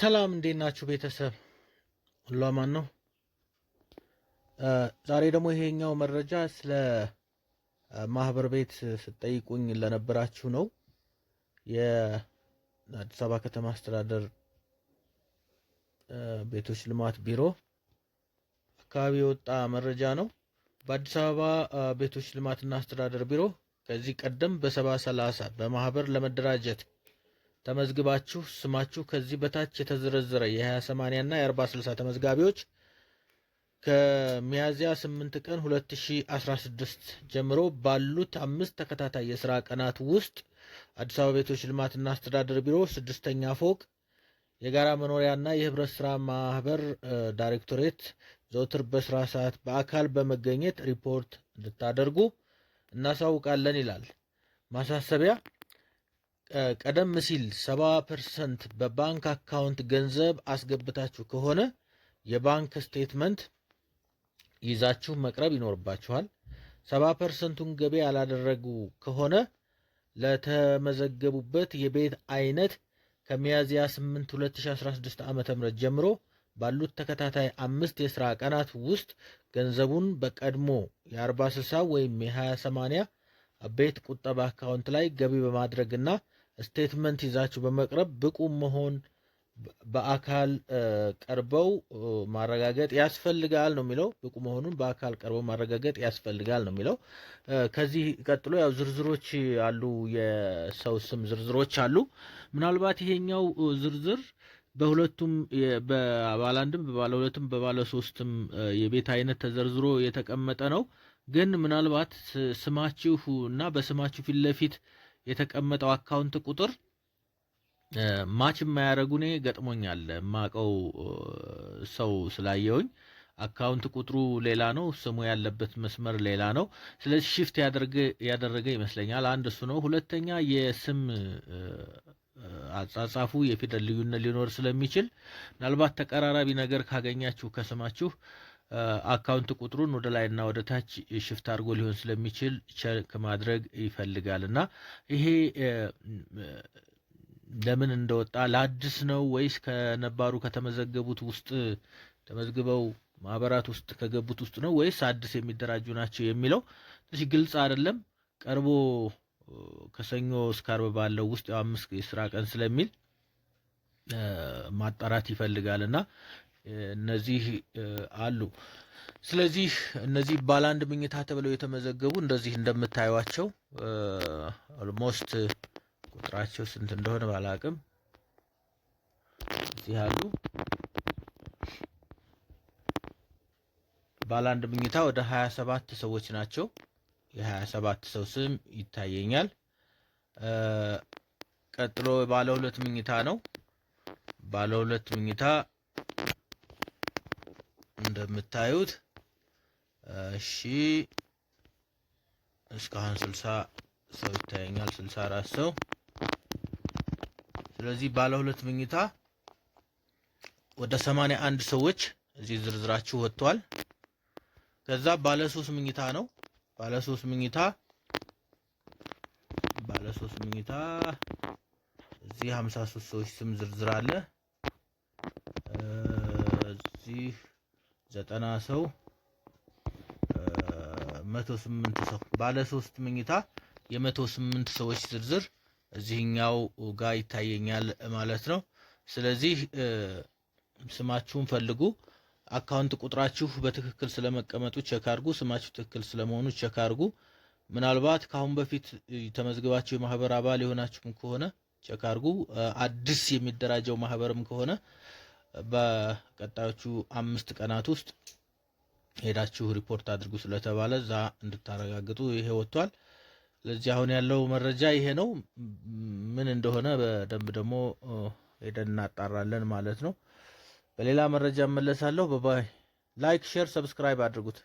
ሰላም እንዴት ናችሁ ቤተሰብ? ሁሉ አማን ነው። ዛሬ ደግሞ ይሄኛው መረጃ ስለ ማህበር ቤት ስጠይቁኝ ለነበራችሁ ነው። የአዲስ አበባ ከተማ አስተዳደር ቤቶች ልማት ቢሮ አካባቢ የወጣ መረጃ ነው። በአዲስ አበባ ቤቶች ልማትና አስተዳደር ቢሮ ከዚህ ቀደም በሰባ ሰላሳ በማህበር ለመደራጀት ተመዝግባችሁ ስማችሁ ከዚህ በታች የተዘረዘረ የ 28 ና የ40/60 ተመዝጋቢዎች ከሚያዝያ 8 ቀን 2016 ጀምሮ ባሉት አምስት ተከታታይ የስራ ቀናት ውስጥ አዲስ አበባ ቤቶች ልማትና አስተዳደር ቢሮ ስድስተኛ ፎቅ የጋራ መኖሪያና የህብረት ስራ ማህበር ዳይሬክቶሬት ዘውትር በስራ ሰዓት በአካል በመገኘት ሪፖርት እንድታደርጉ እናሳውቃለን ይላል ማሳሰቢያ ቀደም ሲል 70 ፐርሰንት በባንክ አካውንት ገንዘብ አስገብታችሁ ከሆነ የባንክ ስቴትመንት ይዛችሁ መቅረብ ይኖርባችኋል። 70 ፐርሰንቱን ገቢ ያላደረጉ ከሆነ ለተመዘገቡበት የቤት አይነት ከሚያዝያ 8 2016 ዓ ም ጀምሮ ባሉት ተከታታይ አምስት የሥራ ቀናት ውስጥ ገንዘቡን በቀድሞ የ40/60 ወይም የ20/80 ቤት ቁጠባ አካውንት ላይ ገቢ በማድረግና ስቴትመንት ይዛችሁ በመቅረብ ብቁ መሆን በአካል ቀርበው ማረጋገጥ ያስፈልጋል ነው የሚለው። ብቁ መሆኑን በአካል ቀርበው ማረጋገጥ ያስፈልጋል ነው የሚለው። ከዚህ ቀጥሎ ያው ዝርዝሮች አሉ፣ የሰው ስም ዝርዝሮች አሉ። ምናልባት ይሄኛው ዝርዝር በሁለቱም በባለ አንድም በባለ ሁለትም በባለ ሶስትም የቤት አይነት ተዘርዝሮ የተቀመጠ ነው። ግን ምናልባት ስማችሁ እና በስማችሁ ፊት ለፊት የተቀመጠው አካውንት ቁጥር ማች የማያደርጉ እኔ ገጥሞኛል። የማውቀው ሰው ስላየውኝ አካውንት ቁጥሩ ሌላ ነው፣ ስሙ ያለበት መስመር ሌላ ነው። ስለዚህ ሽፍት ያደረገ ይመስለኛል። አንድ እሱ ነው። ሁለተኛ የስም አጻጻፉ የፊደል ልዩነት ሊኖር ስለሚችል ምናልባት ተቀራራቢ ነገር ካገኛችሁ ከስማችሁ አካውንት ቁጥሩን ወደ ላይና ወደ ታች ሽፍት አድርጎ ሊሆን ስለሚችል ቸክ ማድረግ ይፈልጋል እና ይሄ ለምን እንደወጣ ለአዲስ ነው ወይስ ከነባሩ ከተመዘገቡት ውስጥ ተመዝግበው ማህበራት ውስጥ ከገቡት ውስጥ ነው ወይስ አዲስ የሚደራጁ ናቸው የሚለው ትንሽ ግልጽ አይደለም። ቀርቦ ከሰኞ እስከ አርብ ባለው ውስጥ የአምስት የስራ ቀን ስለሚል ማጣራት ይፈልጋል እና እነዚህ አሉ። ስለዚህ እነዚህ ባለ ምኝታ መኝታ ተብለው የተመዘገቡ እንደዚህ እንደምታዩቸው ኦልሞስት ቁጥራቸው ስንት እንደሆነ ባላቅም እዚህ አሉ። ባለ አንድ መኝታ ወደ ሰባት ሰዎች ናቸው የሀያ ሰባት ሰው ስም ይታየኛል። ቀጥሎ ባለ ሁለት መኝታ ነው። ባለ ሁለት መኝታ እንደምታዩት እሺ እስካሁን ስልሳ ሰው ይታየኛል፣ ስልሳ አራት ሰው። ስለዚህ ባለ ሁለት መኝታ ወደ ሰማንያ አንድ ሰዎች እዚህ ዝርዝራችሁ ወጥቷል። ከዛ ባለ ሶስት መኝታ ነው። ባለ ሶስት መኝታ ባለ ሶስት መኝታ እዚህ ሀምሳ ሶስት ሰዎች ስም ዝርዝር አለ እዚህ ዘጠና ሰው መቶ ስምንት ሰው ባለ ሶስት መኝታ የመቶ ስምንት ሰዎች ዝርዝር እዚህኛው ጋር ይታየኛል ማለት ነው። ስለዚህ ስማችሁን ፈልጉ፣ አካውንት ቁጥራችሁ በትክክል ስለመቀመጡ ቸክ አርጉ። ስማችሁ ትክክል ስለመሆኑ ቸክ አርጉ። ምናልባት ከአሁን በፊት ተመዝግባችሁ የማህበር አባል የሆናችሁም ከሆነ ቸክ አርጉ። አዲስ የሚደራጀው ማህበርም ከሆነ በቀጣዮቹ አምስት ቀናት ውስጥ ሄዳችሁ ሪፖርት አድርጉ ስለተባለ እዛ እንድታረጋግጡ ይሄ ወጥቷል። ስለዚህ አሁን ያለው መረጃ ይሄ ነው። ምን እንደሆነ በደንብ ደግሞ ሄደን እናጣራለን ማለት ነው። በሌላ መረጃ እመለሳለሁ። በባይ ላይክ፣ ሼር፣ ሰብስክራይብ አድርጉት።